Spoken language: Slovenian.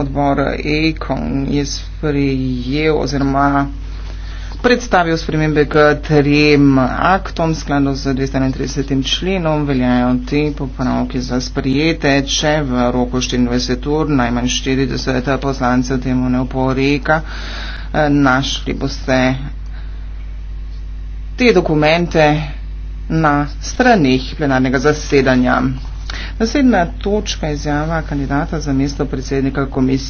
odbor EKON je sprejel oziroma predstavil spremembe k trem aktom skladu z 231. členom, veljajo te popravke za sprijete, če v roku 24 ur najmanj 40 poslancev temu ne oporeka, e, našli boste te dokumente na straneh plenarnega zasedanja. Naslednja točka izjava kandidata za mesto predsednika komisije.